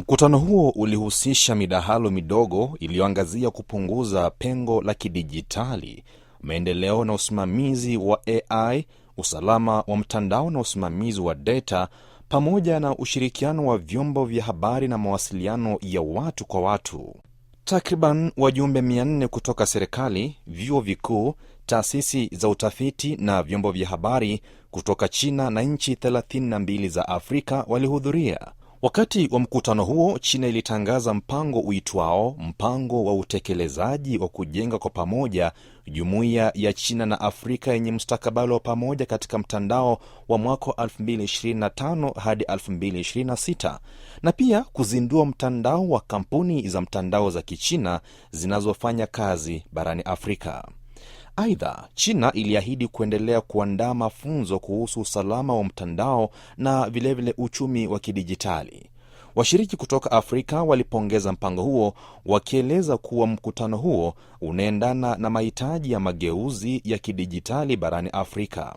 Mkutano huo ulihusisha midahalo midogo iliyoangazia kupunguza pengo la kidijitali, maendeleo na usimamizi wa AI, usalama wa mtandao na usimamizi wa data, pamoja na ushirikiano wa vyombo vya habari na mawasiliano ya watu kwa watu. Takriban wajumbe 400 kutoka serikali, vyuo vikuu, taasisi za utafiti na vyombo vya habari kutoka China na nchi 32 za Afrika walihudhuria. Wakati wa mkutano huo, China ilitangaza mpango uitwao mpango wa utekelezaji wa kujenga kwa pamoja jumuiya ya China na Afrika yenye mustakabali wa pamoja katika mtandao wa mwaka 2025 hadi 2026 na pia kuzindua mtandao wa kampuni za mtandao za Kichina zinazofanya kazi barani Afrika. Aidha, China iliahidi kuendelea kuandaa mafunzo kuhusu usalama wa mtandao na vilevile uchumi wa kidijitali. Washiriki kutoka Afrika walipongeza mpango huo wakieleza kuwa mkutano huo unaendana na mahitaji ya mageuzi ya kidijitali barani Afrika.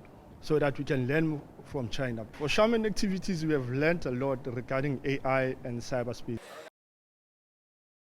so that we can learn from China. For shaman activities, we have learned a lot regarding AI and cyberspace.